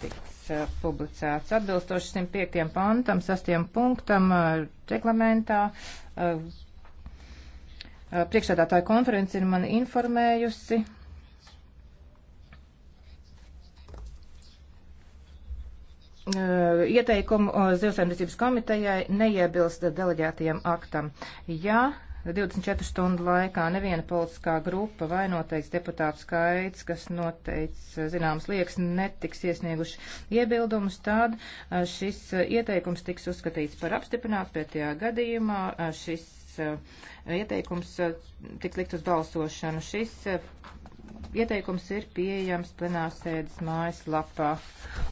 tiks uh, publicēts. Atbilstoši 105. pantam, 6. punktam uh, reglamentā, uh, priekšsēdātāja konference ir mani informējusi. Ieteikumu zivsaimniecības komitejai neiebilst deleģētajiem aktam. Ja 24 stundu laikā neviena politiskā grupa vai noteikts deputātu skaits, kas noteicis zināms liekas, netiks iesnieguši iebildumus, tad šis ieteikums tiks uzskatīts par apstiprināts pretējā gadījumā. Šis ieteikums tiks likt uz balsošanu. Šis ieteikums ir pieejams plenārsēdes mājas lapā.